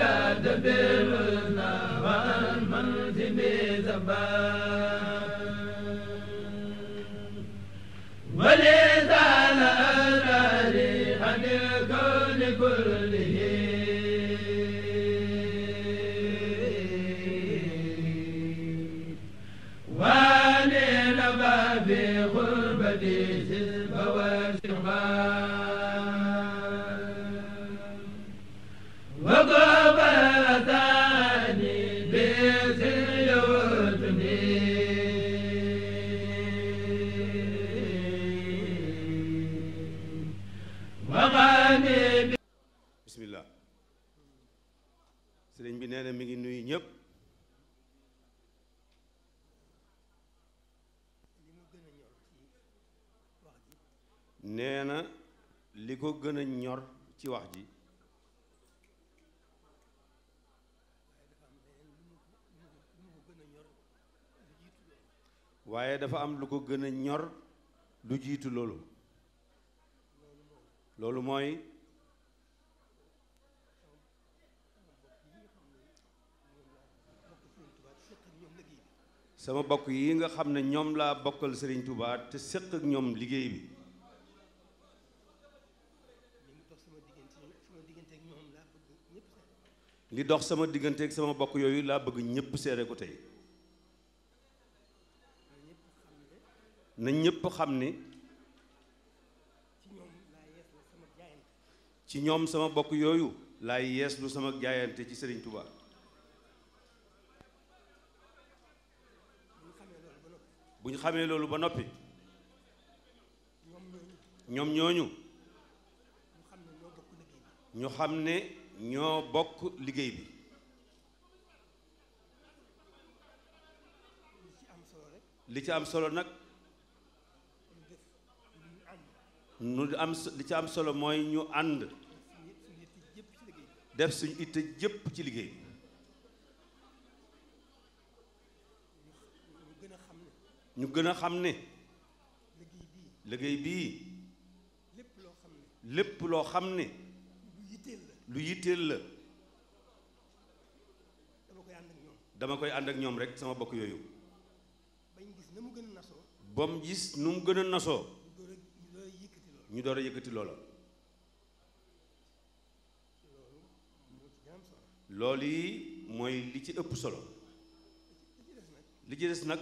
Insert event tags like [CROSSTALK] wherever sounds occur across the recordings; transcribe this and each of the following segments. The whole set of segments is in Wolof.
جاد بالحسنى وأمنت بثبات ko gën a ñor ci wax ji waaye dafa am lu ko gën a ñor lu jiitu loolu loolu mooy sama bokk yi nga xam ne ñoom laa bokkal sëriñ tubaat te séq ak ñoom liggéey bi li dox sama digganteek sama bokk yooyu laa bëgg ñëpp seere ko tey na ñépp xam ni ci ñoom sama bokk yooyu laay yees lu sama jaayante ci Serigne Touba bu ñu loolu ba noppi ñoom ñooñu ñoo bokk liggéey bi li ci am solo nag nu li ci am solo mooy ñu ànd def suñu itte jëpp ci liggéey bi ñu gën a xam ne liggéey bii lépp loo xam ne lu yitteel la dama koy ànd ak ñoom rek sama bokk yooyu ba mu gis nu mu gën a nasoo ñu door a yëkkati loola loolu yi mooy li ci ëpp solo li nag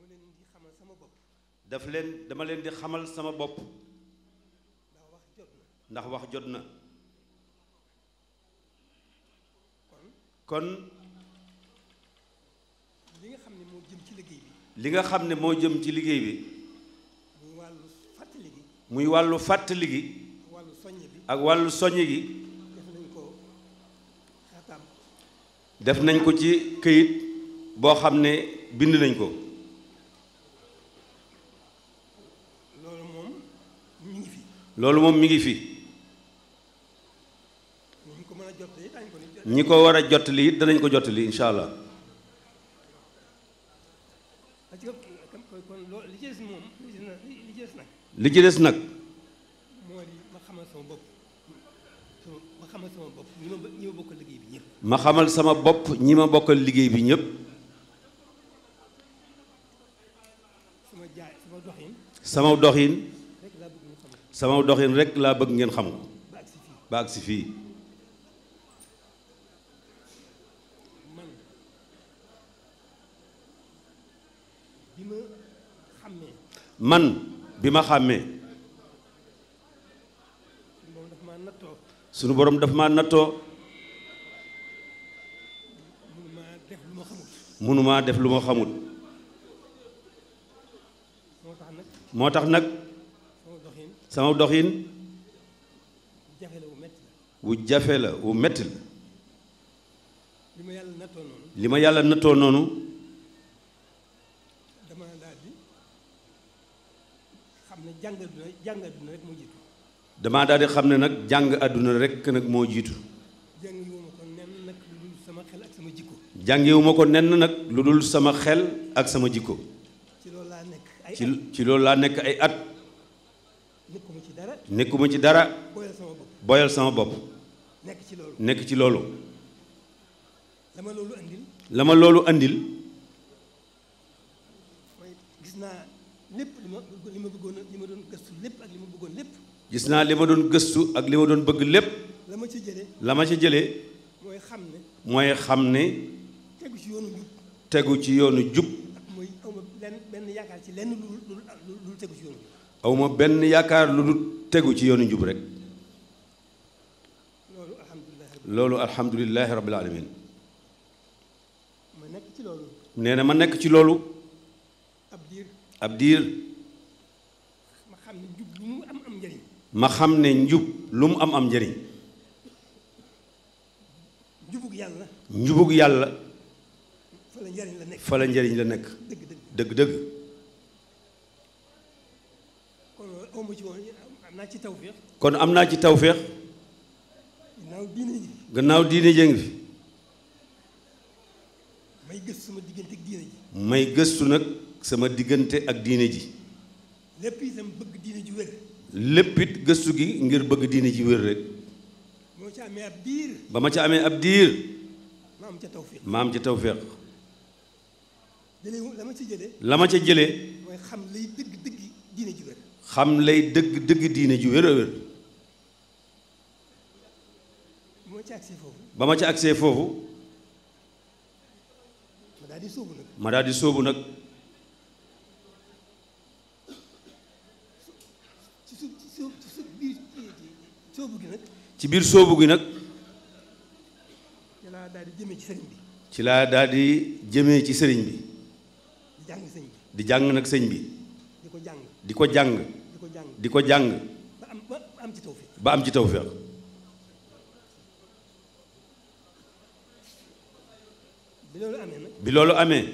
dama leen ci sama bopp daf leen dama leen di xamal sama bopp ndax wax jot na kon li nga xam ne moo jëm ci liggéey bi li nga xam ne moo jëm ci liggéey bi muy wàllu fàttali gi muy wàllu fàttali gi ak wàllu soññ gi def nañ ko ci këyit boo xam ne bind nañ ko loolu moom mi moom mi ngi fi ñi ko war a jottali it danañ ko jottali incha allah. li ci des nag. ma xamal sama bopp ñi ma bokkal liggéey bi ñépp sama doxin. sama doxin rek laa bëgg ngeen xam ko. ba agsi fii. man bi ma xàmmee sunu borom daf ma nattoo mënumaa def lu ma xamul moo tax nag sama doxin wu jafe la wu metti la li ma yàlla nattoo noonu jàng àdduna jàng àdduna damaa daal di xam ne nag jàng àdduna rek nag moo jiitu. jàngiwuma ko nen nag lu dul sama xel ak sama jikko. ko nen nag lu dul sama xel ak sama jikko. ci loolu laa nekk ay at ci loolu laa nekk ay at. nekkuma ci dara nekkuma ci dara. boyal sama bopp nekk ci loolu nekk ci loolu. la ma loolu indil li ma bëggoon li ma doon gëstu lépp li ma bëggoon lépp. gis naa li ma doon gëstu ak li ma doon bëgg lépp. la ma ci jële la ma ci jëlee. mooy xam ne. mooy xam ne. tegu ci yoonu jub. ci yoonu jub. mooy aw ma benn yaakaar ci lenn lu lu lu tegu ma benn yaakaar lu dul tegu ci yoonu jub rek. loolu alhamdulilah. loolu alhamdulilah rabbil alamin. ma nekk ci loolu. nee na ma nekk ci loolu. ab diir. ab diir. ma xam ne njub lu mu am am njëriñ njubug yàlla njubug yàlla fa la njariñ la nekk fa la njëriñ la nekk dëgg dëgg kon am naa ci tawféex gannaaw diine ji gannaaw diine jëng fi may gëstu sama diggante ak diine ji may gëstu nag sama diggante ak diine ji lépp itam bëgg diine ju lépp gëstu gi ngir bëgg diine ji wér rek ba ma ca amee ab diir ma am ca tawféex la ma ca jëlee xam lay dëgg dëgg xam lay dëgg dëgg diine ji wér a wér ba ma ca agsee foofu ma daal di soobu nag ci biir soobu gi nag. ci laa daldi di jëmee ci sëriñ bi. ci laa daal di jàng sëñ bi. di jàng nag sëñ bi. di ko jàng. di ko jàng. di ko jàng. ba am ci tawfeex. ba am bi loolu amee nag. bi loolu amee.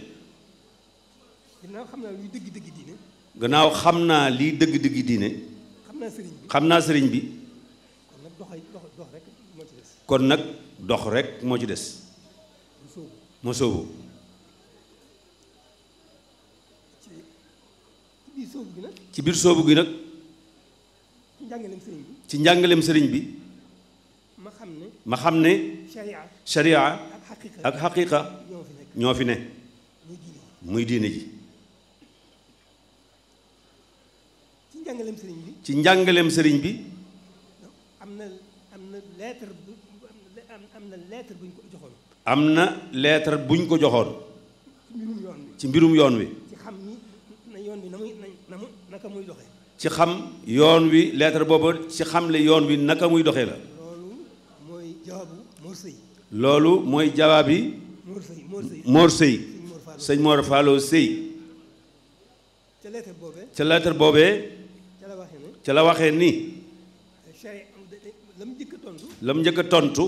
gannaaw xam naa liy dëgg-dëgg diine. xam naa liy dëgg xam naa xam naa sëriñ bi. kon nag dox rek moo ci des moo sóobu ci biir sóobu gi nag ci njàngaleem sëriñ bi ma xam ne sharia ak xaqiqa ñoo fi ne muy diine ji ci njàngaleem sëriñ bi am na am na am na lettre buñ ko joxoon. ci mbirum yoon wi. ci xam yoon wi naka muy doxee. ci xam yoon wi lettre boobu ci xam le yoon wi naka muy doxee la. loolu mooy jawaab yi. Mor Sëy sëñ Mor Faalo Sëy ca lettre boobee ca la waxee ni la mu njëkk a tontu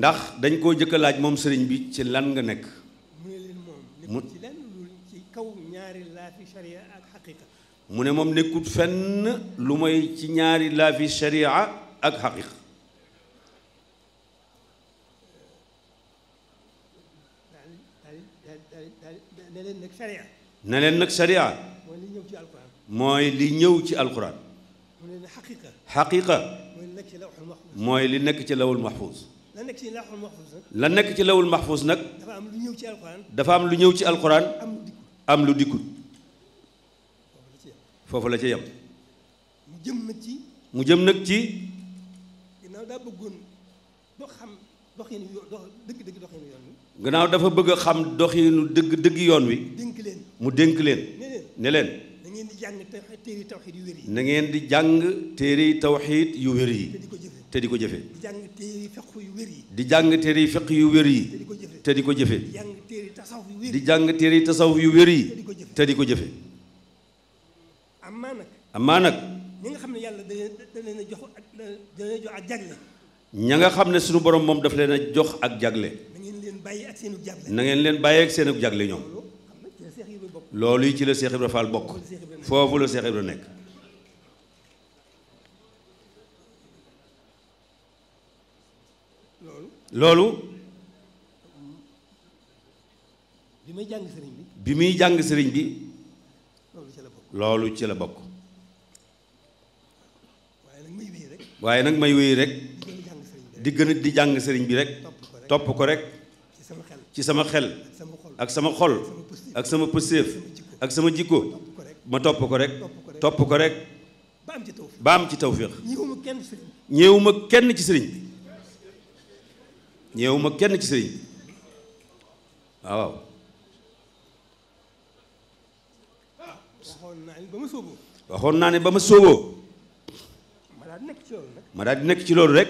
ndax dañ koo jëkk a laaj moom sëriñ bi ci lan nga nekk mu mu ne moom nekkut fenn lu may ci ñaari laafi sharia ak xaqiq ne leen nag sharia mooy li ñëw ci alquran xaqiqa mooy li nekk ci lawul mahfuz la nekk ci lawul mahfuz nag. la nekk ci lawul mahfuz nag. dafa am lu ñëw ci alxuraan. dafa am lu ñëw ci alxuraan. am lu dikkut foofu la ci yem. mu jëm nag ci. mu jëm nag ci. gannaaw daa xam doxinu yoon dëgg dëgg dafa bëgg a xam doxinu dëgg dëgg yoon wi. dénk leen mu dénk leen. ne leen. na ngeen di jàng téere tawxiid yu wér ngeen di jàng téere tawxiid yu wér yi. te di ko jëfee. di jàng téere fiq yu wér yi. di jàng téere fiq yu wér yi. te di ko jëfee. di jàng téere tasawuf yu wér yi. di jàng téere tasawuf yu wér yi. te di ko jëfee. amaa nag. amaa nag. ñi nga xam ne yàlla da leen a jox da leen a jox ak jagle. ña nga xam ne suñu borom moom daf leen a jox ak jagle. na ngeen leen bàyyi ak seen jagle. na ngeen leen bàyyi ak seen jagle ñoom. loolu yi ci la Seex Ibra Faal bokk. foofu la Seex Ibra nekk. loolu. bi muy jàng sëriñ bi. muy jàng sëriñ bi. loolu ci la bokk loolu ci la bokk. waaye nag may wéy rek. waaye nag may wéy rek. di gën di jàng sëriñ bi rek. topp ko rek. ci sama xel. ak sama xol. ak sama pëseef. ak sama jikko. ma topp ko rek. topp ko rek. ba am ci tawféex. ñëwuma kenn ci sëriñ bi. ñëwuma kenn ci sëriñ ah, waaw waxoon naa ne ba ma sóoboo ma daal di nekk ci loolu rek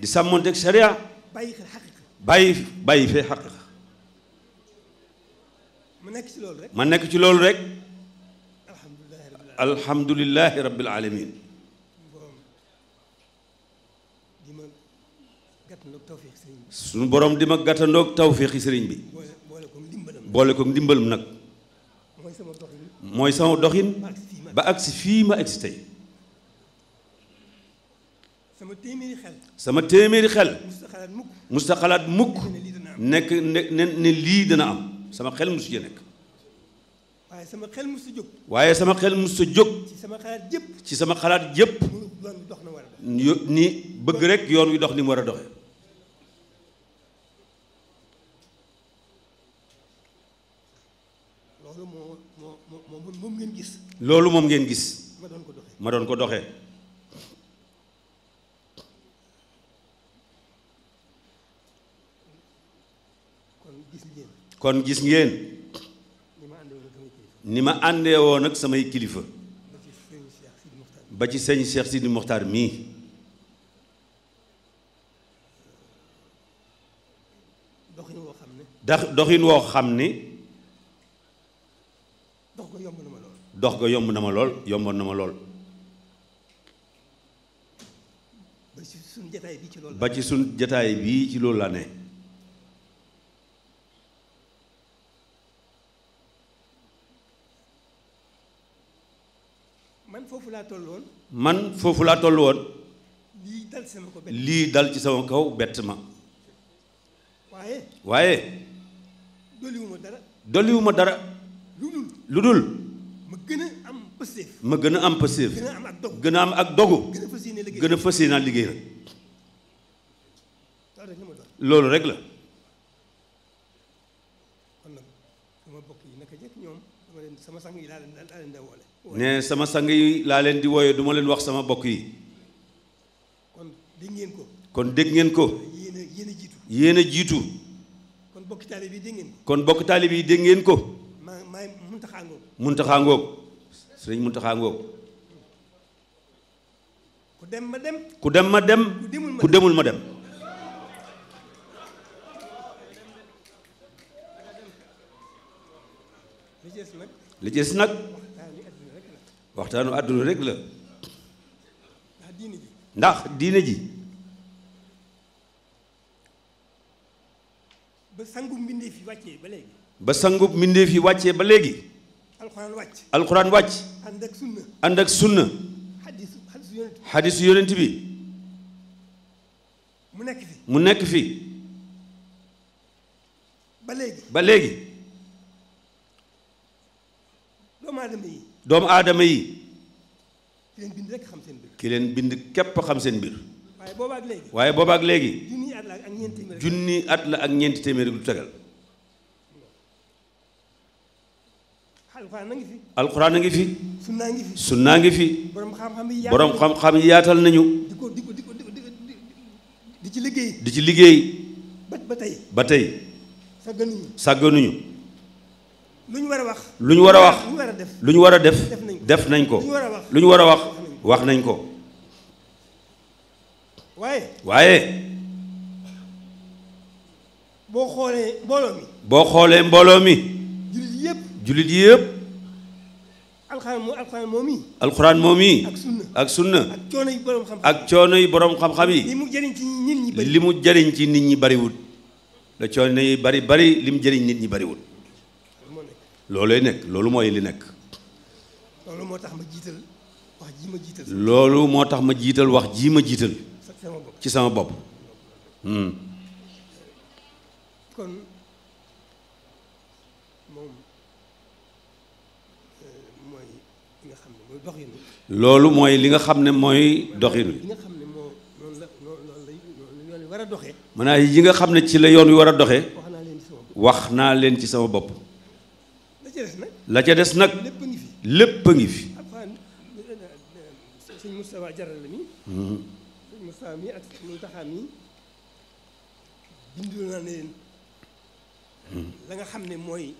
di sàmmonteeg sharia bàyyi bàyyi fee xaqiqa ma nekk ci loolu rek alhamdulilahi rabbil alamin suñu boroom di ma gàttandoog tawféexi sëriñ bi boole ko ndimbalam nag mooy sama doxin ba agsi fii ma agsi tey sama téeméeri xel musta xalaat mukk nekk ne ne lii dana am sama xel mu ci nekk waaye sama xel mu jóg waaye sama xel musu jóg ci sama xalaat yëpp ci sama xalaat ni bëgg rek yoon wi dox ni mu war a doxe loolu moom ngeen gis ma doon ko doxee kon gis ngeen ni ma àndee woon ak samay kilifa ba ci sëñ Cheikh Sidi Mokhtar mii doxin woo xam ne doxin woo xam ni dox ga yomb na ma lool yomboon na ma lool ba ci suñ jataay bii ci loolu laa ne man foofu laa toll woon man foofu laa toll woon lii dal dal ci sama kaw bett ma waaye waaye dolliwu ma dara dolliwu dara lu dul ma gën a am pastéef gën a am ak dogu gën a fas yéene liggéey rek loolu rek la ne sama sang yi laa leen di wooye du ma leen wax sama bokk yi kon dégg ngeen ko kon dégg ngeen ko yéen a jiitu yéen kon bokk taalibe yi dégg ngeen ko kon bokk ko muntaxaa ngoog muntaxaa ngoog sëriñ Muntaxa ngoog ku dem ma dem ku dem ma dem ku demul ma dem li gis nag waxtaanu àdduna rekk la ndax diine ji ba sangub mbindeef yi wàccee ba léegi ba sangub mbindeef yi wàccee ba léegi alxuraan wàcc alxuraan wàcc ànd ak sunna ànd ak sunna xadisu yonent bi mu nekk fi mu nekk fi ba léegi ba léegi doomu aadama yi doomu aadama yi ki leen bind xam seen mbir ki leen bind képp xam seen mbir waaye boobaak léegi waaye boobaak léegi junni at la ak ñeenti téeméeri lu tegal alxuraan a ngi fi. alxuraan a ngi fi. sunnaa ngi fi. sunnaa ngi fi. borom xam-xam yi borom yi yaatal nañu. di ko di ko di ko ci liggéey. di ci liggéey. ba tey. ba tey. sàgganuñu sàgganuñu. lu ñu war a wax. lu ñu war a wax. lu ñu war a def. def nañ ko lu ñu war a wax. wax nañ ko. waaye. waaye. boo xoolee mbooloo mi. boo xoolee mbooloo mi. jullit yëpp. alxuraan moo alxuraan moom yi. moom yi. ak sunna ak ak coono yi boroom xam-xam yi li mu jëriñ ci nit ñi bari li mu jëriñ ci nit ñi bariwul. la coono yi bari bari li mu jëriñ nit ñi bariwul. loolooy nekk loolu mooy li nekk. loolu moo tax ma jiital wax ji moo tax ma jiital wax ji ma jiital. ci sama bopp. Hmm. loolu mooy li nga xam ne mooy doxin wi mën naa yi nga xam ne ci la yoon wi war a doxee wax naa leen ci sama bopp la ca des nag lépp a ngi fi sëñ Moustapha jaral la la nga xam ne mooy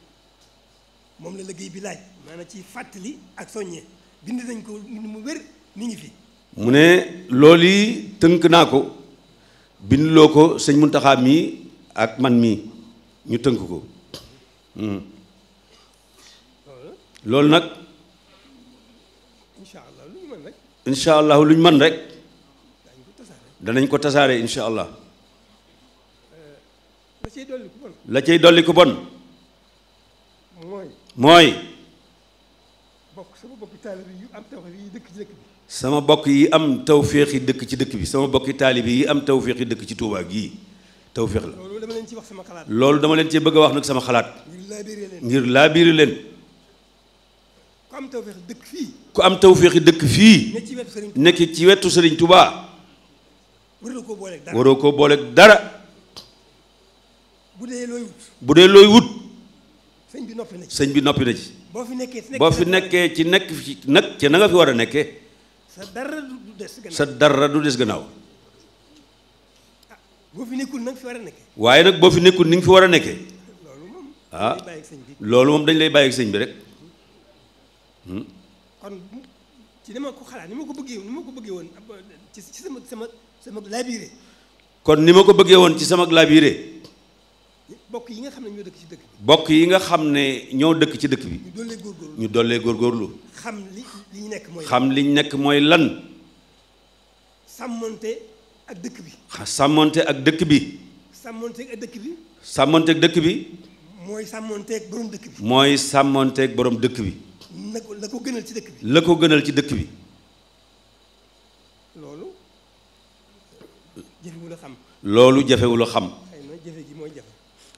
moom la liggéey bi laaj maanaam ci fàttali ak soññee bind nañ ko mu wér mi ngi mu ne lool yi tënk naa ko bindloo ko sëñ Muntaxa mii ak man mii ñu tënk ko hmm. loolu nag incha allah lu ñu man rek danañ ko tasaare incha allah eh, la cay dolli ko bon mooy. bokki taalibe dëkk ci dëkk sama bokk yi am tawféex yi dëkk ci dëkk bi sama bokki taalibe yi am tawféex yi dëkk ci tuubaa gii tawféex la. loolu dama leen ci wax sama xalaat. loolu dama leen ci bëgg a wax nag sama xalaat. ngir laabiiri biir ngir laabiiri leen. ku am tawféex yi dëkk fii. ku am tawféex yi nekk ci wetu sëriñ Touba. waroo koo booleeg dara waroo koo dara. bu dee looy wut. sëñ bi noppi na ci sëñ bi noppi na ci. boo fi nekkee ci boo fi nekkee ci nekk ci nag ci na nga fi war a nekkee. sa dara du des gannaaw sa ah, boo fi nekkul na nga fi nag boo fi nekkul ni nga fi war a nekkee. ah loolu moom dañ lay bàyyi sëñ bi rek. Hmm? kon ci ni ma ko ni ma ko bëggee ni ma ko bëggee woon ci sama sama sama laabiire. kon ni ma ko bëggee woon ci sama laabiire. bokk yi nga xam ne ñoo dëkk ci dëkk bi. yi nga xam ne ñoo dëkk ci dëkk bi. ñu dollee góorgóorlu ñu dollee góorgóorlu. xam li li ñu nekk mooy. xam li nekk mooy lan. sàmmonte ak dëkk bi. sàmmonte ak dëkk bi. sàmmoonte ak dëkk bi. sàmmonte ak dëkk bi. mooy sàmmoonte borom dëkk bi. mooy sàmmonteeg dëkk bi. na ko la ko gënal ci dëkk bi. la ko gënal ci dëkk bi. loolu jafewul loolu jafewul a xam.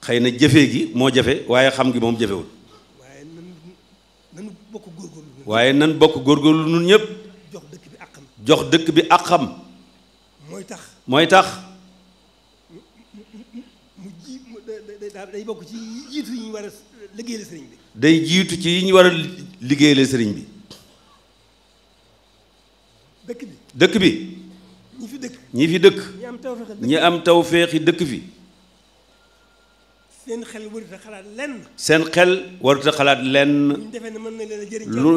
xëy na jëfee gi moo jafe waaye xam ngi moom jafewul waaye nan bokk góorgóorlu waaye nan bokk góorgóorlu nun ñëpp jox dëkk bi àqam jox dëkk bi àqam mooy tax mooy tax mu day bokk ci jiitu war a liggéeyal day jiitu ci yi ñu war a liggéeyal sëriñ bi dëkk bi dëkk bi ñi fi dëkk ñi fi dëkk ñi am tawféexi dëkk fi seen xel warut a xalaat lenn. seen xel warut xalaat lenn. lu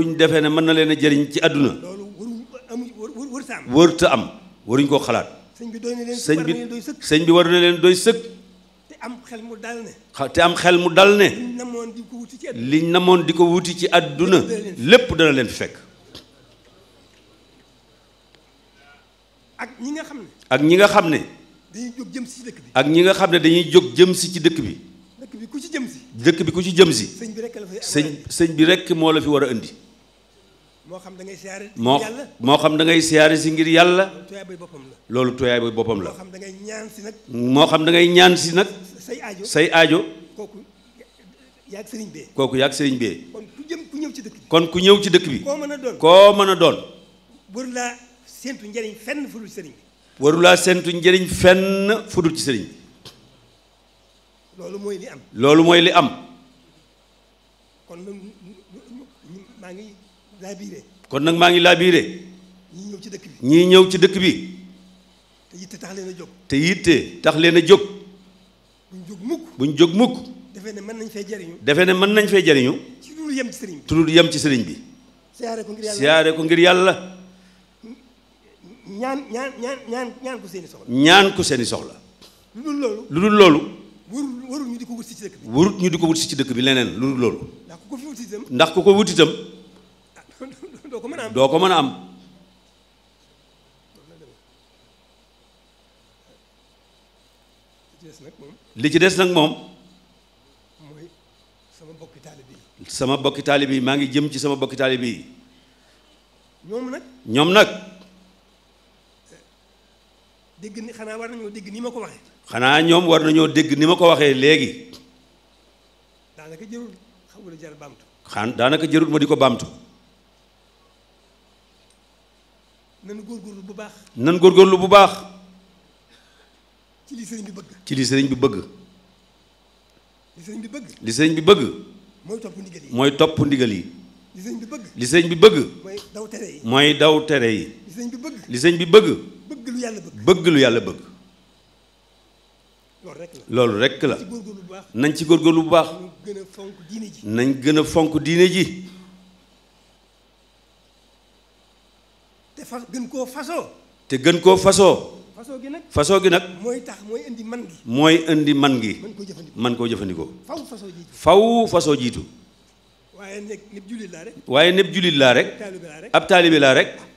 ñu defee ne mën na leen a jëriñ ci ñu defee ne mën na leen a jëriñ ci àdduna. loolu waru am. warut waruñ koo xalaat. sëñ bi doy na leen sëñ bi sëñ bi war na leen doy sëkk. te am xel mu dal ne. te am xel mu dal ne. liñ namoon di ko wuti ci àdduna namoon di ko wuti ci àdduna lépp dana leen fekk. ak ñi nga xam ne. ak ñi nga xam ne. dañuy jóg jëm ñi nga xam ne dañuy jóg jëm si ci dëkk bi. ku jëm dëkk bi ku ci jëm si. sëñ bi rek sëñ sëñ bi rek moo la fi war a indi. moo xam da ngay siyaare moo moo xam da ngay si ngir yàlla. loolu tooyaay ba la. moo da ngay ñaan si nag. moo xam da ngay ñaan si nag. say aajo say aajo. kooku yaag sëriñ bee. kooku yaag sëriñ bee. kon ku jëm ku ñëw ci dëkk bi. kon ku ñëw ci dëkk bi. koo mën a doon koo mën a doon. warulaa séntu njëriñ fenn fudul sëriñ bi. warulaa séntu njëriñ fenn fudul ci sëriñ loolu mooy li am. loolu mooy li am. kon nag maa ngi laabiire. kon nag maa ngi laabiire. ñii ñëw ci dëkk bi. ñii ñëw ci dëkk bi. te yitte tax leen a jóg. te yitte tax leen a jóg. buñ jóg mukk. buñ jóg mukk. defe ne mën nañ fee jariñu. defe ne mën nañ fee jariñu. ci lu yem sëriñ bi. ci yem ci sëriñ bi. siyaare ko ngir yàlla siyaare ko ngir yàlla. ñaan ñaan ñaan ñaan ñaan ko seen i soxla. ñaan ko seen i soxla. lu dul loolu. warul ñu di ko wut si ci dëkk bi. warut ñu di ko wut si ci dëkk bi leneen lu dul loolu. ndax ku ko fi wut itam. ndax ku ko wut itam. [LAUGHS] doo ko mën a am doo ko mën a am. li ci des nag moom. mooy sama bokki taalibe yi. sama bokki taalibe yi maa ngi jëm ci sama bokki taalibe yi. ñoom nag. ñoom nag. Eh, dégg ni xanaa war nañoo dégg ni ma ko waxee. xanaa ñoom war nañoo dégg ni ma ko waxee léegi. daanaka jërul xamul jar baamtu. xan daanaka jërul ma di ko baamtu. nan góorgóorlu bu baax. nan góorgóorlu bu baax. ci li sëriñ bi bëgg. ci li bi bëgg. li bi bëgg. li sëriñ bi mooy topp ndigal yi mooy bi bëgg. li mooy daw tere yi. mooy bi bëgg. bëgg. bëgg lu yàlla bëgg. loolu rekk la nañ ci góor góorgóorlu bu baax nañ gën a fonk diine ji te gën koo faso te gën koo fasoo fasoo gi nag fasoo gi nag mooy tax mooy indi man gi mooy indi man gi man koo jëfandikoo faw fasoo jiitu faw fasoo jiitu waaye népp jullit laa rek waaye népp jullit laa rek ab taalibe laa rek ah,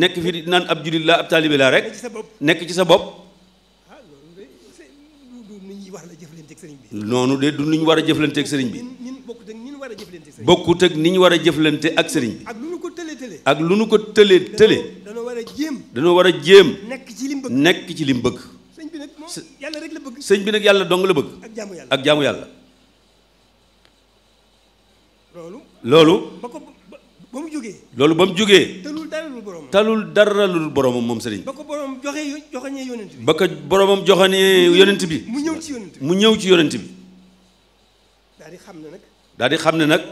nekk fi naan ab jullit laa ab taalibe laa rek nekk ci sa bopp war a jëflanteeg sëriñ bi. noonu de du ni ñu war a jëflanteeg sëriñ bi. bokkut ak ni war a jëflante ak sëriñ bi. ak lu nu ko tëlee tëlee. ak lu nu ko tëlee tëlee. danoo war a jéem. danoo war a jéem. nekk ci lim bëgg nekk ci lim bëgg. sëñ bi nag moom yàlla la bëgg. sëñ bi nag yàlla dong la bëgg. ak jaamu yàlla ak jaamu yàlla. loolu. loolu. ba ko ba mu jógee. loolu ba mu jógee. talul dara lu boromam moom sëriñ bi. ba ko boromam joxe joxañee yonent bi. ba ko boromam joxañee bi. mu ñëw ci yonent bi mu ñëw ci yonent bi. daal di xam ne nag. daal di xam ne nag.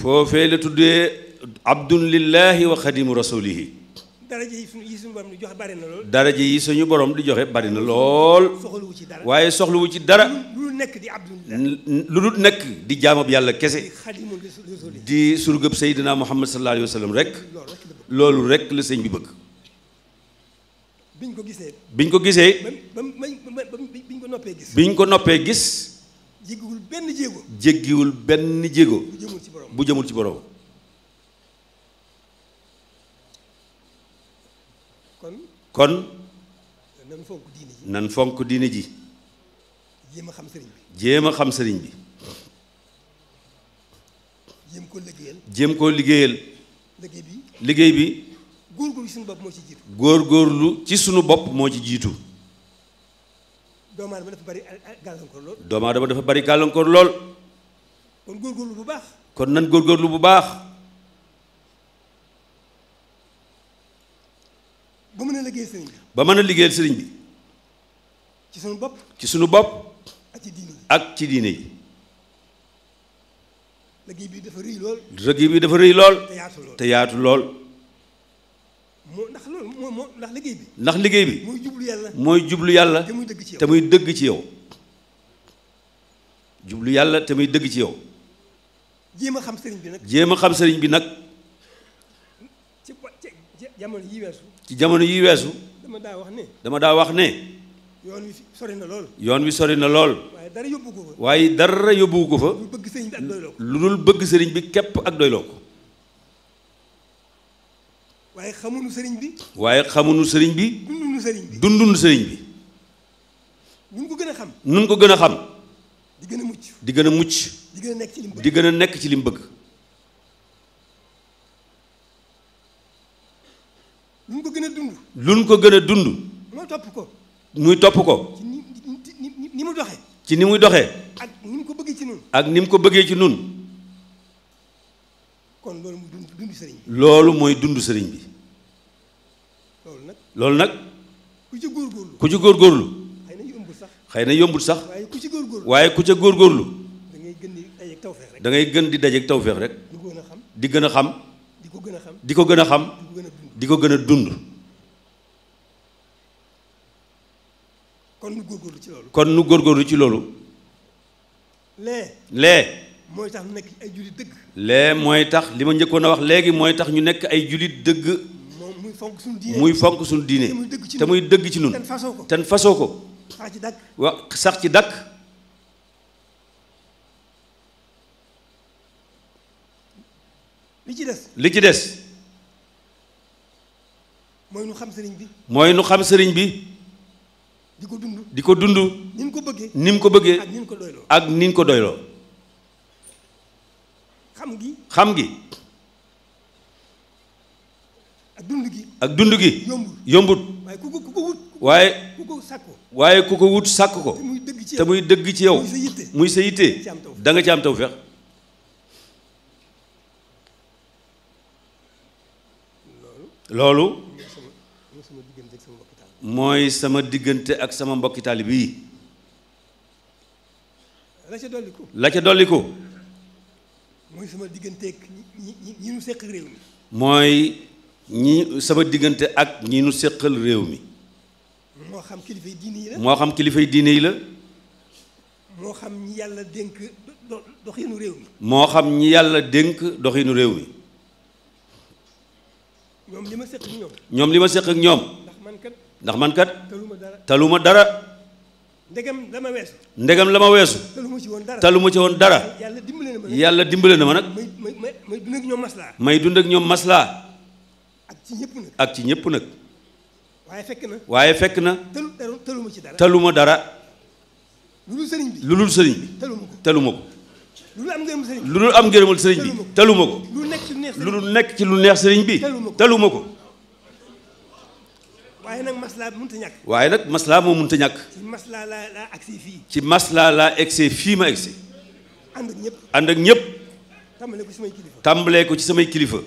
foofee la tuddee abdulillahi wa xadimu rasulihi. daraja yi suñu borom di joxe bari na lool. daraja yi suñu borom di joxe bari na lool. soxlawu ci dara waaye soxlawu ci dara. lu dul nekk di abdulillah. lu dul nekk di jaamab yàlla kese. di surgëb Seydina Muhammad sallallahu alayhi wa sallam rek. loolu rek la sëñ bi bëgg. biñ ko gisee. biñ ko gisee. ba ba biñ ko noppee gis. biñ ko noppee gis. jéggiwul benn jéego. jéggiwul benn jéego. bu jëmul ci borom bu jëmul ci borom. kon nan fonk diine ji nan fonk diine ji jéem a xam sëriñ bi jéem a xam sëriñ bi jéem koo liggéeyal jéem koo liggéeyal liggéey bi liggéey bi góorgóorlu ci sunu bopp moo ci jiitu góorgóorlu ci sunu bopp moo ci jiitu doomu aadama dafa bari gàllankoor lool doomu aadama dafa bari gàllankoor lool kon góorgóorlu bu baax kon nan góorgóorlu bu baax ba mën a liggéeyal sëriñ bi. ci sunu bopp. ci sunu bopp. ak ci diine yi. liggéey bi dafa rëy lool. liggéey lool. te yaatu lool moo ndax loolu ndax liggéey bi. ndax mooy jublu yàlla. mooy te muy dëgg ci yow te muy dëgg ci yaw jublu yàlla te muy dëgg ci yow. jéem a xam sëriñ bi nag. a xam sëriñ bi nag. ci jamono yi weesu. dama daa wax ne. dama daa wax ne. yoon wi sori na lool. yoon wi sori na lool. waaye dara yóbbu ko fa. waaye dara yóbbu ko fa. lu dul bëgg sëriñ bi bëgg sëriñ bi képp ak doyloo ko. waaye xamuñu sëriñ bi. waaye xamuñu sëriñ bi. dunduñu sëriñ bi dunduñu bi. nun ko gën a xam. nun ko gën a xam. di gën a mucc. di gën a mucc. di gën nekk ci li gën a nekk ci li bëgg. luñ ko gën a dund. muy topp ko. muy topp ko. ni mu ci ni muy doxee. ak ni mu ko bëggee ci ak ni mu ko bëggee ci nun kon loolu mooy dund sëriñ bi. loolu mooy dund sëriñ bi. loolu nag. loolu nag. ku ci góor ku ci góorgóorlu. xëy na yombul sax. xëy na yombul sax. waaye ku ci góorgóorlu. waaye ku ca góorgóorlu. da ngay gën di dajeeg tawféex rek. da ngay gën di dajeeg tawféex rek. di gën a xam. di gën a xam. di ko gën a xam. di ko gën a xam. di ko gën a dund. kon nu góorgóorlu ci loolu. kon nu góorgóorlu ci loolu. lee. lee. mooy tax nekk ay julit dëgg. mooy tax li ma njëkkoon a wax léegi mooy tax ñu nekk ay julit dëgg. muy fonk suñu diine muy fonk suñu diine. te muy dëgg ci ñun te muy dëgg ci nun ten fasoo ko ko. sax ci dàkk. wa sax ci dàkk. li ci des. li ci des. mooy nu xam sëriñ bi. mooy nu xam sëriñ bi. di ko dund di ko dund. ni ko bëggee ni ko bëggee. ak ni ko doyloo ak ni mu ko doyloo. xam gi xam gi. ak dund gi ak dund gi. yombut waaye ku ko waaye ku ko sàkku. wut sàkk ko. te muy dëgg ci yow muy dëgg ci yow. muy sa yitte da nga ci am loolu. mooy sama diggante ak sama mbokki taalib yi la ca dolliku la ca dolliku mooy sama diggante ak ñi ñu seqal réew mi mooy ñi sama diggante ak ñi ñu réew mi moo xam kilifay yi moo xam kilifay diine yi la moo xam ñi yàlla dénk doxinu réew mi moo xam ñi yàlla dénk doxinu réew mi ñoom li ma seq ak ñoom li ma seq ak ñoom ndax man kat taluma dara ndegam la ma weesu ndegam la ma weesu taluma ci woon dara yàlla dimbale na ma nag may dund ak ñoom maslaa may dund ak ñoom maslaa ak ci ñëpp nag ñëpp nag waaye fekk na waaye fekk na taluma ci dara taluma dara lu dul sëriñ bi lu dul sëriñ taluma ko lu dul am ngërëmal sëriñ bi taluma ko lu dul nekk ci lu neex sëriñ bi taluma ko waaye nag maslaa mënut a ñàkk. waaye nag maslaa moo mënut a ñàkk. ci maslaa laa laa fii. ci maslaa laa egsi fii ma egsi. ànd ak ñëpp tàmbalee ko ci samay kilifa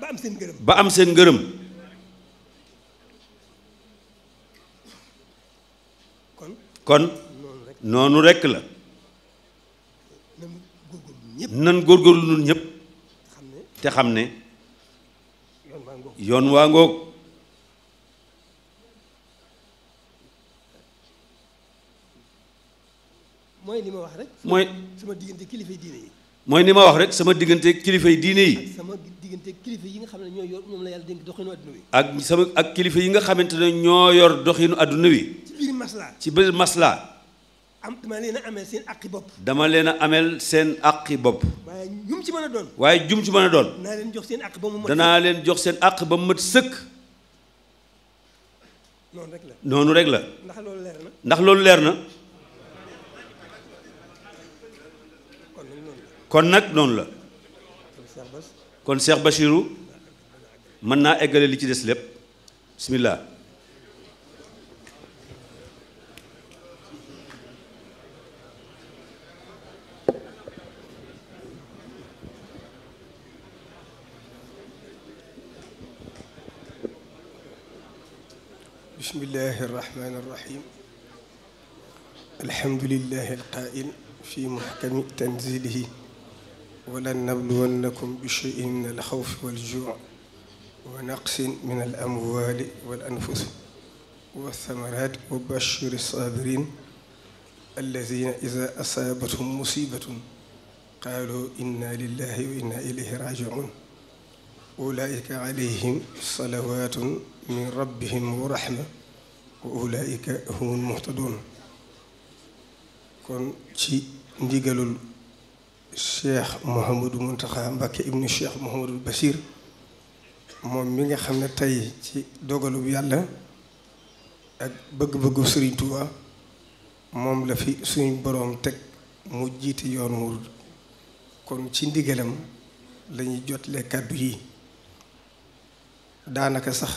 ba am seen ngërëm ba am seen ngërëm. kon kon noonu rekk la. nan góorgóorlu ñun ñëpp. te xam ne yoon waa ngoog. mooy li ma wax rek. mooy sama diggante kilifa diine yi. mooy ni ma wax rek sama diggante kilifa yi diine yi. sama diggante kilifa yi nga xam ne ñoo yor ñoom la yàlla dénk doxinu adduna wi. ak sama ak kilifa yi nga xamante ne ñoo yor doxinu adduna wi. ci biir maslaa ci biir maslaa. am dama leen a ameel seen akki bopp. dama leen a ameel seen aqi bopp. waaye jum ci mën a doon. waaye jum doon. danaa leen jox seen aq ba mu mat danaa leen jox seen aq ba mu mat sëkk. noonu rek la noonu rek la. ndax loolu ndax loolu leer na. kon nag noonu la kon Cheikh Bachirou mën naa eggale li ci des lépp bismillah bismillahi irrahmani irrahim alhamdulilahi fi muhkami tanzilihi wala nabluwannakum bi cheyin min alxawfi waljuu wa naqsin min alamwali wal anfus walthamarat wa bashir sabirin alladina ida asaabathum musibatun qaalu inna lillahi wa inna ilayhi rajiun ulaika alayhim salawatun min rabbihim wa rahma wa ulaika humul muhtadun kon ci ndigalul cheikh Mouhamadou Mountakha Mbacké ibnu cheikh Mouhamadou Bachir moom mi nga xam ne tey ci dogalub yàlla ak bëgg-bëggu Serigne moom la fi suñu boroom teg mu jiite yoon wu kon ci ndigalam lañuy jotle kàddu yi daanaka sax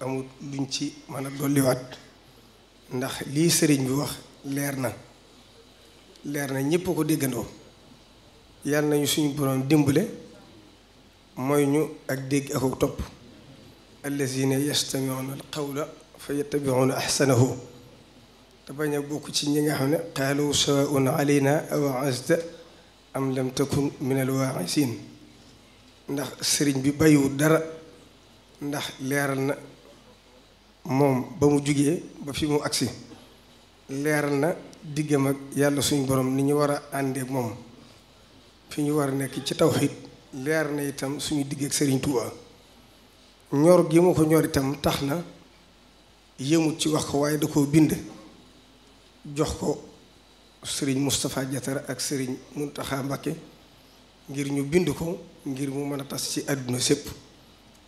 amul luñ ci mën a dolliwaat ndax lii sëriñ bi wax leer na leer na ñépp ko déggandoo yàlla nañu suñ borom dimbale mooy ñu ak dégg ak topp allazina yastamiuna la fa yattabiuna ahsanahu te bañ a bokk ci ñi nga xam ne qaalu sawaun alayna aw azta am ndax sëriñ bi bàyyiwul dara ndax leeral na moom ba mu jugee ba fi mu agsi leeral na diggam ak yàlla suñu borom ni ñu war a àndeek moom fi ñu war a nekk ci tawxiid leer na itam suñu digg ak Serigne Touba ñor gi mu ko ñor itam tax na yëmut ci wax ko waaye da koo bind jox ko sëriñ Moustapha Diatara ak sëriñ Mountakha Mbacké ngir ñu bind ko ngir mu mën a tas ci àdduna sépp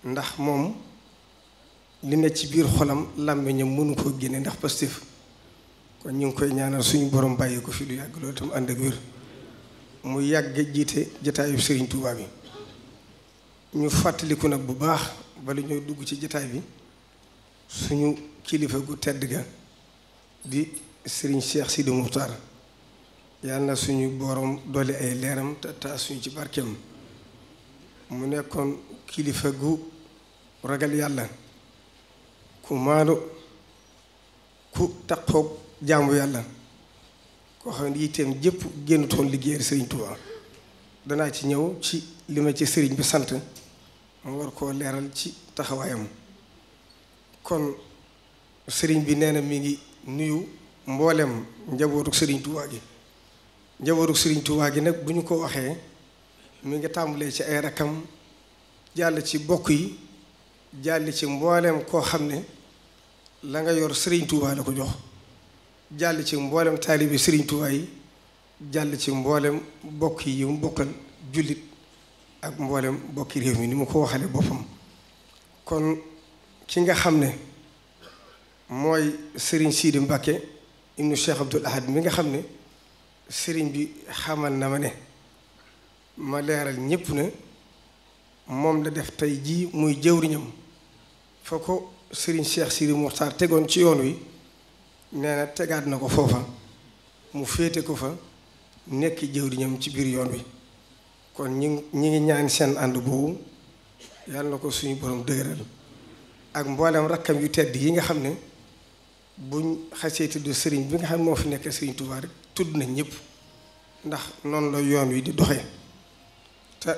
ndax moom li ne ci biir xolam làmmiñam mënu koo génne ndax Pastef kon ñu ngi koy ñaanal suñu borom bàyyi ko fi lu yàgg loolu itam ànd mu yàgg jiite jataayu Serigne Touba bi ñu fàttaliku nag bu baax bala ñoo dugg ci jataay bi suñu kilifa gu tedd ga di Serigne Cheikh Sidi Moukhtar yàlla suñu boroom dolli ay leeram te ci barkeem mu nekkoon kilifa gu ragal yàlla ku maanu ku taqoog jaamu yàlla koo xam ne yitteem jëpp génnutoon liggéeyal sëriñ Touba danaa ci ñëw ci li ci sëriñ bi sant ma war koo leeral ci taxawaayam kon sëriñ bi nee na mi ngi nuyu mboolem njabootu sëriñ Touba gi njabootu sëriñ Touba gi nag bu ñu ko waxee mi ngi tàmbalee ci ay rakkam jàll ci bokk yi jàll ci mbooleem koo xam ne la nga yor sëriñ Touba la ko jox jàll ci mboolem taalibi sëriñ Tuubaa jàll ci mboolem bokk yi mu bokkal jullit ak mboolem bokki réew mi ni mu ko waxale boppam kon ki nga xam ne mooy sëriñ Sidi Mbàkke ibnu Cheikh Abdoul Ahad mi nga xam ne sëriñ bi xamal na ma ne ma leeral ñépp ne moom la def tey jii muy jëwriñam fa ko sëriñ sii Sidi Muxtaar tegoon ci yoon wi nee na tegaat na ko foofa mu féete ko fa nekk jëwriñam ci biir yoon wi kon ñi ñi ngi ñaan seen ànd boobu yàlla ko suñu borom dëgëral ak mboolem rakkam yu tedd yi nga xam ne buñ xasee tudd sëriñ bi nga xam ne moo fi nekk sëriñ Tuubaa rek tudd nañ ñëpp ndax noonu la yoon wi di doxee te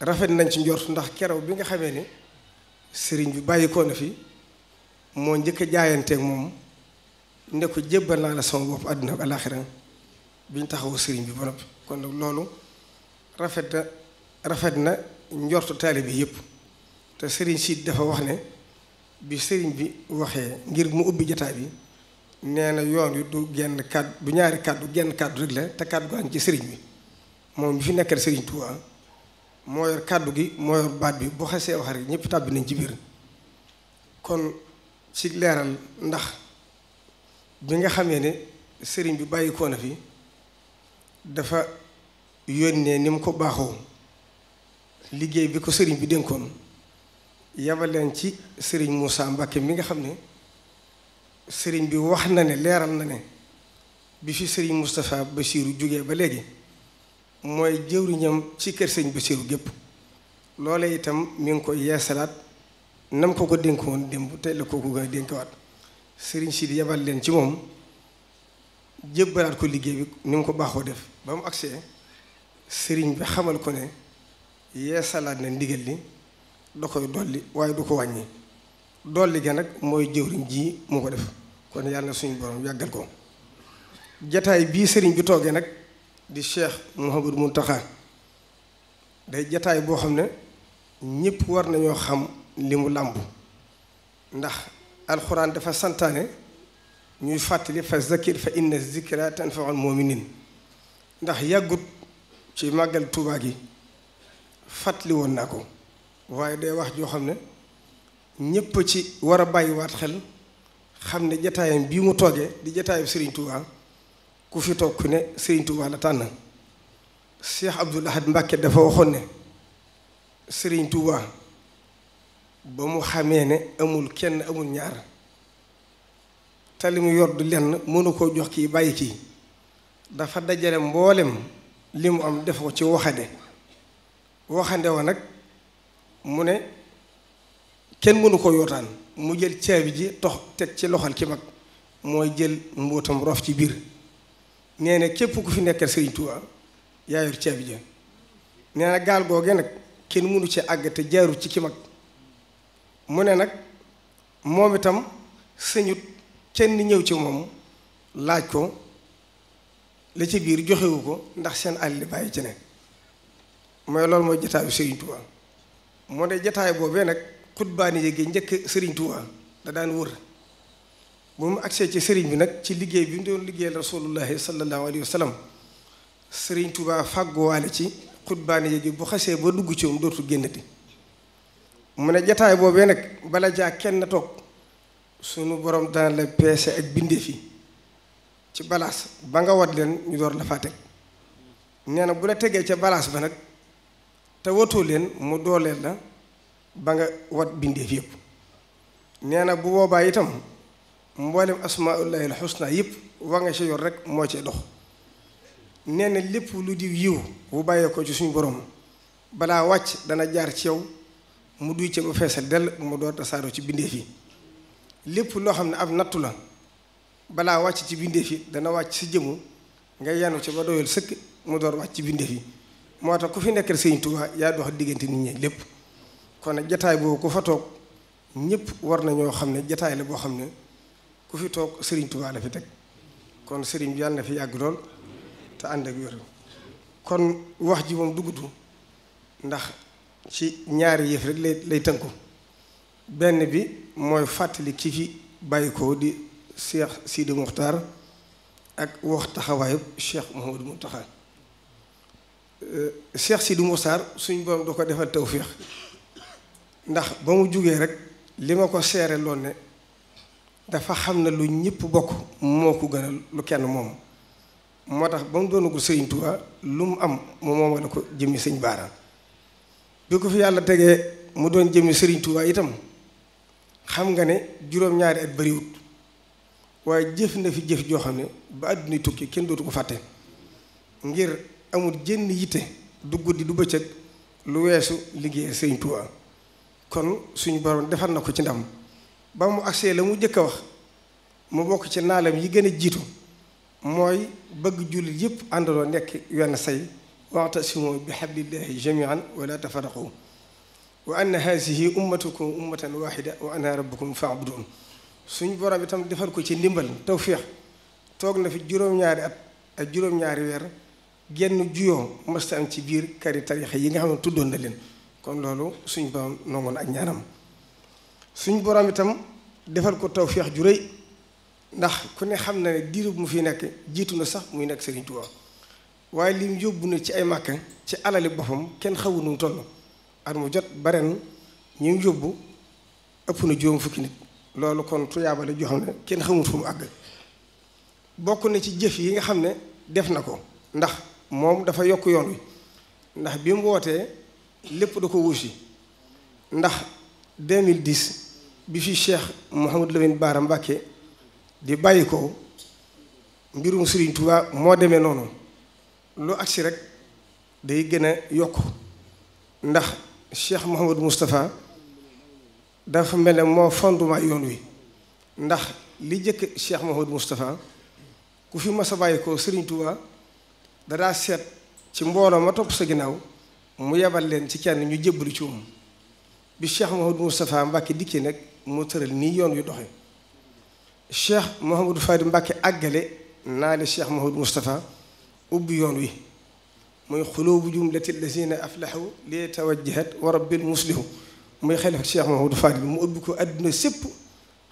rafet nañ ci njort ndax kerew bi nga xamee ne sëriñ bi bàyyi na fi moo njëkk a jaayanteeg moom. ne ko jébbal naa la sama bopp àdduna ak alaaxira bi ñu taxawu sëriñ bi ba noppi kon nag loolu rafet na rafet na njortu taalibe yëpp te sëriñ si dafa wax ne bi sëriñ bi waxee ngir mu ubbi jotaay bi nee na yoon wi du genn kàddu du ñaari kàddu genn kàddu rek la te kàddu gi ci sëriñ bi moom mi fi nekkal sëriñ Tuubaa moo kàddu gi moo baat bi bu xesee wax rek ñëpp tàbbi nañ ci biir kon ci leeral ndax. bi nga xamee ne sëriñ bi bàyyi na fi dafa yónnee ni mu ko baaxoo liggéey bi ko sëriñ bi dénkoon yabal leen ci sëriñ Moussa Mbacke mi nga xam ne sëriñ bi wax na ne leeral na ne bi fi sëriñ Moustapha Bassirou jóge ba léegi mooy jëwriñam ci kër sëriñ Bassirou gépp loole itam mi ngi ko yeesalaat nam ko ko dénkoon démb tey la kooku gën a dénkawaat sëriñ si di yabal leen ci moom jébbalaat ko liggéey bi ni mu ko baaxoo def ba mu agsee sëriñ bi xamal ko ne yeesalaat na ndigal li da koy dolli waaye du ko wàññi dolli ga nag mooy jëwriñ ji mu ko def kon yàlla suñu borom yàggal ko jataay bii sëriñ bi toogee nag di cheikh Mouhamadou taxa day jataay boo xam ne ñépp war nañoo xam li mu làmb ndax alxuraan dafa santaane ñuy fàttali fa zakir fa inna zikra tanfaul muminin ndax yàggut ci màggal tuubaa gi fàttali woon naa ko waaye day wax joo xam ne ñépp ci war a bàyyiwaat xel xam ne jataayam bii mu toogee di jataayam Serigne Touba ku fi toog ku ne Serigne Touba la tànn Cheikh Abdoul Ahad dafa waxoon ne sëriñ Touba. ba mu xamee ne amul kenn amul ñaar te li mu yor du lenn mënu koo jox kii bàyyi kii dafa dajale mboolem li mu am def ko ci waxande waxande wa nag mu ne kenn mënu koo yootaan mu jël caabi ji tox teg ci loxol ki mag mooy jël mbóotam rof ci biir nee na képp ku fi nekkal Sëriñ Tuubaa yaa caabi ji nee na gaal googee nag kenn mënu ci àgg te jaarut ci ki mag mu ne nag moom itam sëñut kenn ñëw ci moom laaj ko la ci biir joxewu ko ndax seen àll bàyyi ci ne mooy loolu mooy jataayu Serigne Touba mu ne jataay boobee nag xutbaani yéegi njëkk sëriñ Touba da daan wër bu mu agsee ci sëriñ bi nag ci liggéey bi mu doon liggéeyal rasulullahi sallallahu alayhi wa sallam Serigne Touba fàgguwaale ci xutbaani yéegi bu xasee ba dugg ci moom dootul génn génnati mu ne jataay boobee nag bala jaa kenn toog sunu borom dana la peese ak bindeef yi ci balaas ba nga wat leen ñu door la faa teg nee na bu la tegee ca balaas ba nag te watoo leen mu dooleel la ba nga wat bindeef yëpp nee na bu boobaa itam mboolem asmaullahi alxusna yëpp wax nga ci yor rek moo cee dox nee na lépp lu di yiw bu bàyyee ko ci suñu borom balaa wàcc dana jaar ci yow mu duy ca bu feesa dell mu door tasaaroo ci bindeef yi lépp loo xam ne ab nattu la balaa wàcc ci bindeef yi dana wàcc si jëmu nga yanu ci ba doyal sëkk mu door wàcc ci bindeef yi moo tax ku fi nekkal Sëriñ Tuubaa yaa dox diggante nit ñi lépp kon nag jataay boobu ku fa toog ñëpp war na ñoo xam ne jataay la boo xam ne ku fi toog Sëriñ Tuubaa la fi teg kon sëriñ bi yàlla na fi yàgg lool te ànd ak wér kon wax ji moom duggutu ndax ci ñaari yëf rek lay lay tënku benn bi mooy fàttali ki fi bàyyi ko di Cheikh Sidi Muxtaar ak wax taxawaayub Cheikh Mouhamadou Mountakha euh, Cheikh Sidi Muxtaar suñ borom da ko defal tawféex ndax ba mu jógee rek li ma ko seere loon ne dafa xam ne lu ñëpp bokk moo ko gënal lu kenn moom moo tax ba mu doonagul Sëriñ Tuubaa lu mu am mu moomale ko jëmmi sëñ Baara bi ko fi yàlla tegee mu doon jëmi sëriñ Tuubaa itam xam nga ne juróom-ñaari at bariwut waaye jëf na fi jëf joo xam ne ba àdduna tukki kenn dootu ko fàtte ngir amul jën yitte du guddi du bëccëg lu weesu liggéey sëriñ Tuubaa kon suñu borom defar na ko ci ndam ba mu agsee la mu jëkk a wax mu bokk ci naalam yi gën a jiitu mooy bëgg jullit yépp àndaloo nekk wenn say wa'tasimu bi hablillahi jamian wala tafarraqu wa anna haasihi ummatukum ummatan waxida wa ana bu fa'budun suñ borom itam defal ko ci ndimbal tawfiix toog na fi juróom-ñaari at ak juróom-ñaari weer genn juyoo masta am ci biir kari tarixa yi nga xam ne tuddoon na leen kon loolu suñ borom nongoon ak ñaaram suñ borom itam defal ko tawfiix ju rëy ndax ku ne xam ne ne diirub mu fi nekk jiitu na sax muy nekk Sëriñ Tuubaa waaye lim yóbbu na ci ay màkk ci alali boppam kenn xawu nu toll at mu jot baren ñu yóbbu ëpp na juróom fukki nit loolu kon tuyaabale joo xam ne kenn xamut fu mu àgg bokk na ci jëf yi nga xam ne def na ko ndax moom dafa yokk yoon wi ndax bi mu wootee lépp da ko wuusi ndax 2010 bi fi Cheikh Mouhamadou Lamine Bara Mbacké di bàyyi ko mbirum Serigne Touba moo demee noonu lu agsi rek day gën a yokk ndax Cheikh Mouhamadou Moustapha dafa mel ne moo fondement yoon wi ndax li jëkk Cheikh Mouhamadou Moustapha ku fi mas a bàyyi ko Serigne dadaa seet ci mbooloo ma topp sa ginnaaw mu yebal leen ci kenn ñu jébbalu ci moom bi Cheikh Mouhamadou Moustapha Mbacke dikkee nekk moo tëral nii yoon wi doxe Cheikh Mouhamadou Fadi Mbacke àggale naa le Cheikh Mouhamadou Moustapha ubbi yoon wi muy xuloobu jumlati lazina aflahu li tawajjahat wa rabbil muslihu muy xalifa Cheikh Mahamadou Fadil mu ubbi ko àdduna sépp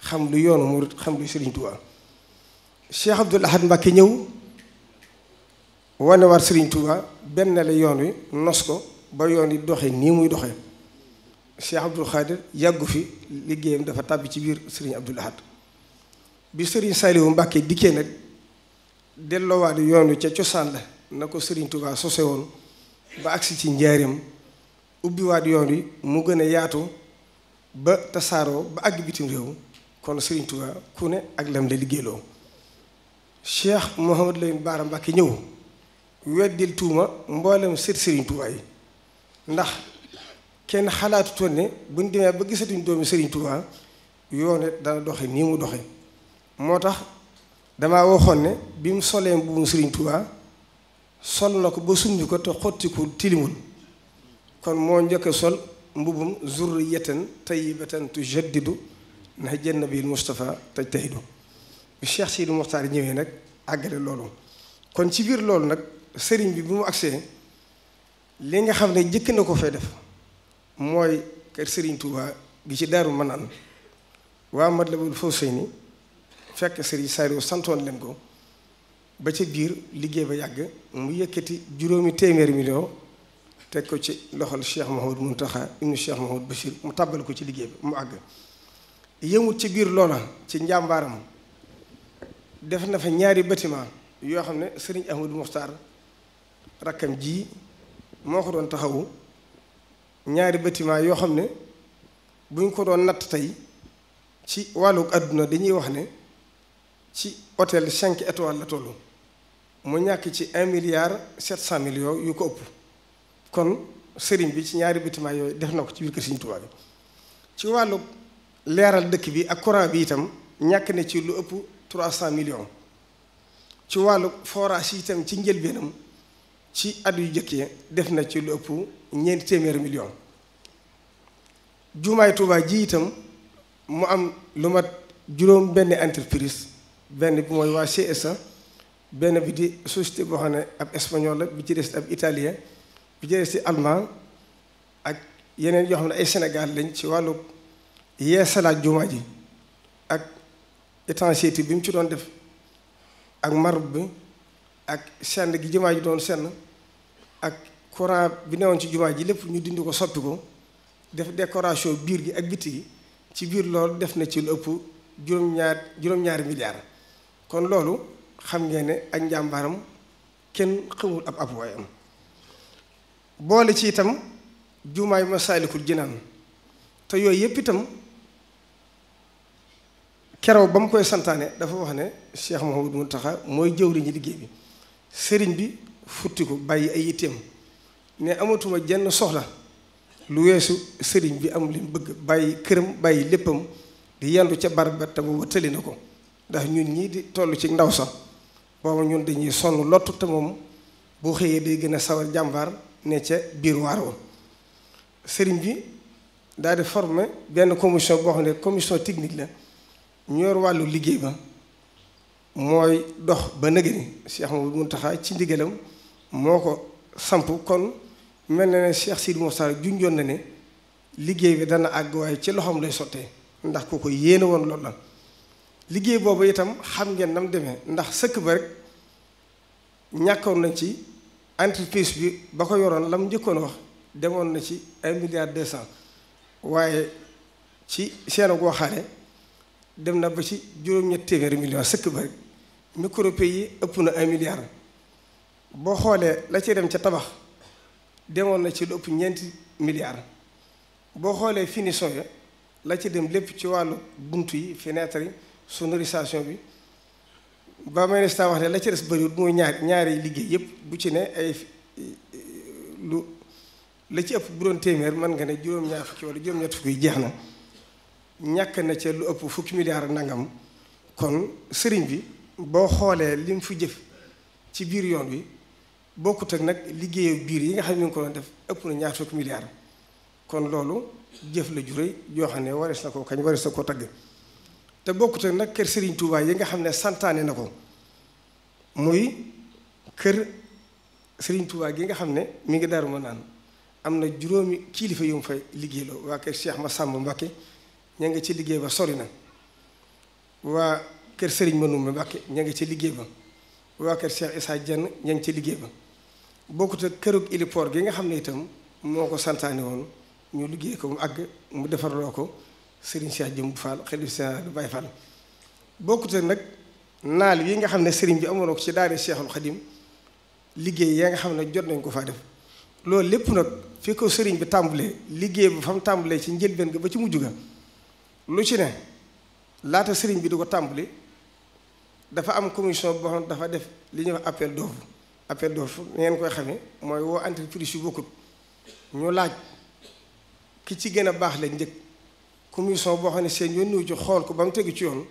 xam lu yoonu mu xam lu Sëriñ Tuubaa Cheikh Abdoul Ahad Mbacké ñëw wane war Sëriñ Tuubaa benn la yoon wi nos ko ba yoon yi doxee nii muy doxee Cheikh Abdoul Khadir yàggu fi liggéeyam dafa tàbbi ci biir Sëriñ Abdoul Ahad bi Sëriñ Saliou Mbacké dikkee nag yoon wi ca cosaan la na ko Serigne Touba sose woon ba agsi ci njaareem ubbiwaat yoon wi mu gën a yaatu ba tasaaroo ba àgg bitim réew kon Serigne Touba ku ne ak lam la liggéeyloo Cheikh Mouhamadou Lamine Bara ñëw weddil tuuma mboolem sët yi ndax kenn xalaatutoon ne buñ demee ba gisatuñ doomi Serigne Touba yoon dana doxe nii mu doxe moo tax damaa waxoon ne bi mu solee mbubbum Sëriñ Tuubaa sol na ko ba summi ko te xottiku tilimul kon moo njëkk sol mbubbum zurriyatan tayyibatan tujaddidu nahja nabil Mustafa tajtahidu bu Cheikh Sidi Muxtaar ñëwee nag àggale loolu kon ci biir loolu nag sëriñ bi bi mu agsee li nga xam ne jëkk na ko fay def mooy kër Sëriñ Tuubaa gi ci Daaru Manaan waa Matlabul Fawzayni fekk Serigne Saliou santoon lem ko ba ca biir liggéey ba yàgg mu yëkkati juróomi téeméeri million teg ko ci loxol Cheikh Mahmoud Mountakha ibnu Cheikh Mahmoud Bachir mu tàbbal ko ci liggéey bi mu àgg yëmut ci biir loola ci njàmbaaram def na fa ñaari bâtiment yoo xam ne Serigne Ahmadou Mokhtar rakkam ji moo ko doon taxawu ñaari bâtiment yoo xam ne bu ñu ko doon natt tey ci wàllug àdduna dañuy wax ne ci hôtel cinq étoiles la toll mu ñàkk ci un milliard sept cent millions yu ko ëpp kon sëriñ bi ci ñaari bâtiment yooyu def na ko ci biir kër Sëriñ Tuubaa bi ci wàllu leeral dëkk bi ak courant bi itam ñàkk na ci lu ëpp trois cent million ci wàllu forage itam ci njëlbeenam ci at yu jëkkee def na ci lu ëpp ñeenti téeméeri millions jumaay Tuubaa ji itam mu am lu mat juróom benn entreprise benn bi mooy waa CSA benn bi di société boo xam ne ab espagnol la bi ci des ab italien bi ci des ci ak yeneen yoo xam ne ay Sénégal lañ ci wàllu yeesalaat jumaa ji ak étanchéité bi mu ci doon def ak marbre bi ak senn gi jumaa ji doon senn ak courant bi newoon ci jumaa ji lépp ñu dindi ko soppi ko def décoration biir gi ak bitti gi ci biir loolu def na ci lu ëpp juróom-ñaar juróom-ñaari milliards kon loolu xam ngeen ne ak njàmbaram kenn xamul ab ab am boole ci itam jumaay masaalikul jinaan te yooyu yépp itam keroog ba mu koy santaane dafa wax ne Cheikh Mouhamadou taxa mooy jëwriñu liggéey bi sëriñ bi futti ko bàyyi ay yitteem ne amatuma jenn soxla lu weesu sëriñ bi am li mu bëgg bàyyi këram bàyyi léppam di yendu ca barab ba te mu wëttali na ko ndax ñun ñii di toll ci ndaw sax boobu ñun dañuy sonn lottu te moom boo xëyee day gën a sawar jàmbaar ne ca biir waar sëriñ bi daal forme benn commission boo xam ne commission technique la ñor wàllu liggéey ba mooy dox ba nëgëni Cheikh Mouhamadou Mountakha ci ndigalam moo ko samp kon mel na ne Cheikh Sidi Moussa junjoon na ne liggéey bi dana àgg waaye ci loxoom lay sottee ndax ku ko yéene lool la liggéey boobu itam xam ngeen nam demee ndax sëkk ba ñàkkoon na ci entreprise bi ba ko yoroon lam njëkkoon wax demoon na ci ay milliards deux cent waaye ci seen goo dem na ba ci juróom-ñetti téeméeri millions sëkk ba rek yi ëpp na ay milliards boo xoolee la ci dem ca tabax demoon na ci lu ëpp ñeenti milliards boo xoolee finition ya la ci dem lépp ci wàllu bunt yi fenêtre yi sonorisation bi ba may ne wax ne la ci des bëriwul mooy ñaar ñaari liggéey yëpp bu ci ne ay lu la ci ëpp bu doon téeméer man nga ne juróom-ñaar fukki wala juróom-ñett fukki jeex na ñàkk na ca lu ëpp fukki milliard nangam kon sëriñ bi boo xoolee li mu fi jëf ci biir yoon wi bokkut ak nag liggéeyu biir yi nga xam ne ko doon def ëpp na ñaar fukki milliard kon loolu jëf la ju rëy joo xam ne warees na koo kañ warees na ko tagg te bokkut ak nag kër sëriñ Touba yi nga xam ne santaane na ko muy kër sëriñ Touba gi nga xam ne mi ngi daaru ma naan am na juróomi kilifa yu mu fay liggéeyloo waa kër Cheikh Massamba Mbacké ña ngi ci liggéey ba sori na waa kër Serigne ma Mbacké ña ngi ci liggéey ba waa kër Cheikh Issa Dieng ña ngi ci liggéey ba bokkut ak kërug héliport gi nga xam ne itam moo ko santaane woon ñu liggéey ko mu àgg mu defarloo ko. Serigne Cheikh Jëmb Fall xalif général Baye Fall bokkute nag naal yi nga xam ne Serigne bi amoon na ko ci daara Cheikhul Khadim liggéey yaa nga xam ne jot nañ ko faa def loolu lépp nag fi ko Serigne bi tàmbalee liggéey bu fa mu tàmbalee ci njëlbeen ga ba ci mujj ga lu ci ne laata Serigne bi di ko tàmbali dafa am commission boo dafa def li ñuy wax appel d'offre appel d'offre ngeen koy xamee mooy woo entreprise yu bokkut ñu laaj ki ci gën a baax la njëkk. commission boo xam ne seen yoon ñëw ci xool ko ba mu tegu ci yoon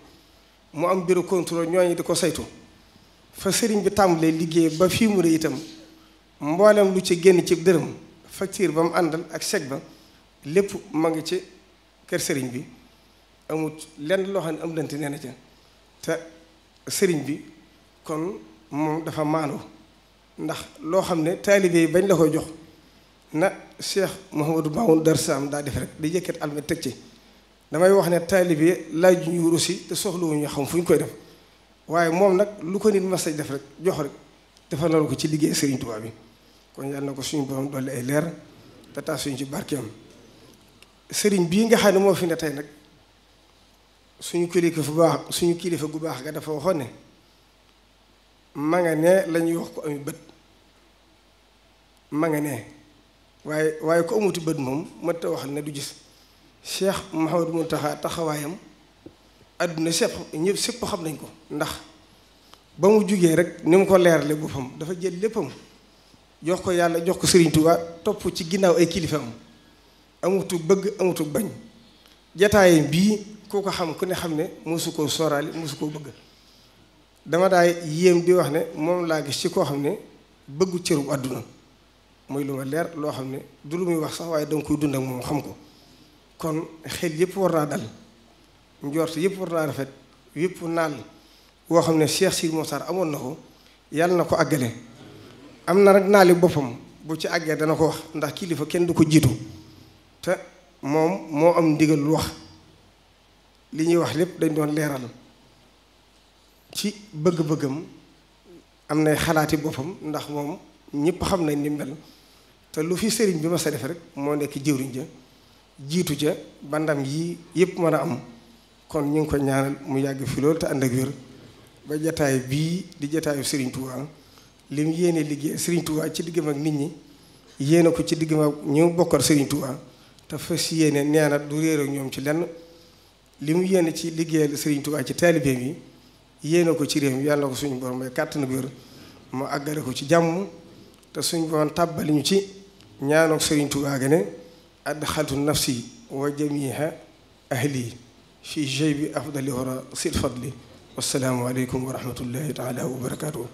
mu am bureau contrôle ñooñu di ko saytu fa sëriñ bi tàmbalee liggéey ba fii mu ne itam mboolem lu ci génn ci dërëm facture ba mu àndal ak chèque ba lépp ma ngi ci kër sëriñ bi amut lenn loo xam ne am dante nee na ca te sëriñ bi kon moom dafa maandu ndax loo xam ne taalibe yi bañ la koy jox na Cheikh Mouhamadou Mamoun Darou Sam daa def rek di yëkkat almet teg ci damay wax ne taalibe laaj ñu rusi te soxlawuñu xam fu ñu koy def waaye moom nag lu ko nit mas def rek jox rek dafa naru ko ci liggéey Serigne Touba bi kon yàlla na ko suñu borom dolli ay leer te taas suñu ci barkeem sëriñ bii nga xam ne moo fi ne tey nag suñu kilifa bu baax suñu kilifa gu baax nga dafa waxoon ne ma nga ne lañuy wax ko ami bët ma nga ne waaye waaye ko amuti bët moom mënta wax ne du gis. Cheikh Mouhamadou Mountakha taxawaayam àdduna sépp ñëpp sépp xam nañ ko ndax ba mu jógee rek ni mu ko leerale boppam dafa jël léppam jox ko yàlla jox ko Serigne Touba topp ci ginnaaw ay kilifaam amutu bëgg amutu bañ jataayam bii ku ko xam ku ne xam ne mosu koo sooraali mosu koo bëgg dama daay yéem di wax ne moom laa gis ci koo xam ne bëggu cëru àdduna muy lu ma leer loo xam ne du lu muy wax sax waaye danga koy dund ak moom xam ko kon xel yëpp war naa dal njort yëpp war naa rafet yëpp naal woo xam ne Cheikh Sidi Mokhtar amoon na ko yàlla na ko àggale am na rek naali boppam bu ci àggee dana ko wax ndax kilifa kenn du ko jiitu te moom moo am ndigal lu wax li ñuy wax lépp dañ doon leeral ci bëgg-bëggam am nay xalaati boppam ndax moom ñëpp xam nañ ndimbal te lu fi sëriñ bi ma sa def rek moo nekk jëwriñ ja jiitu ca bandam ndam yii yëpp mën a am kon ñu ngi ko ñaanal mu yàgg fi loolu te ànd ak wér ba jataay bii di jataayu Serigne Touba lim yéene liggéey Serigne Touba ci diggam ak nit ñi yéene ko ci diggam ak ñu bokkal Serigne Touba te fas yéene nee na du réer ak ñoom ci lenn li mu yéene ci liggéeyal Serigne Touba ci taalibeem yi yéene ko ci réew mi yàlla ko suñu borom may kàttan ak wér mu àggale ko ci jàmm te suñu borom tàbbali ñu ci ñaanoo Serigne Touba gane adxaltu nafsi wa jamiha ahli fi jaybi afdali wara sil fadli wassalaamu aleykum wa rahmatullahi taala wa barakaatu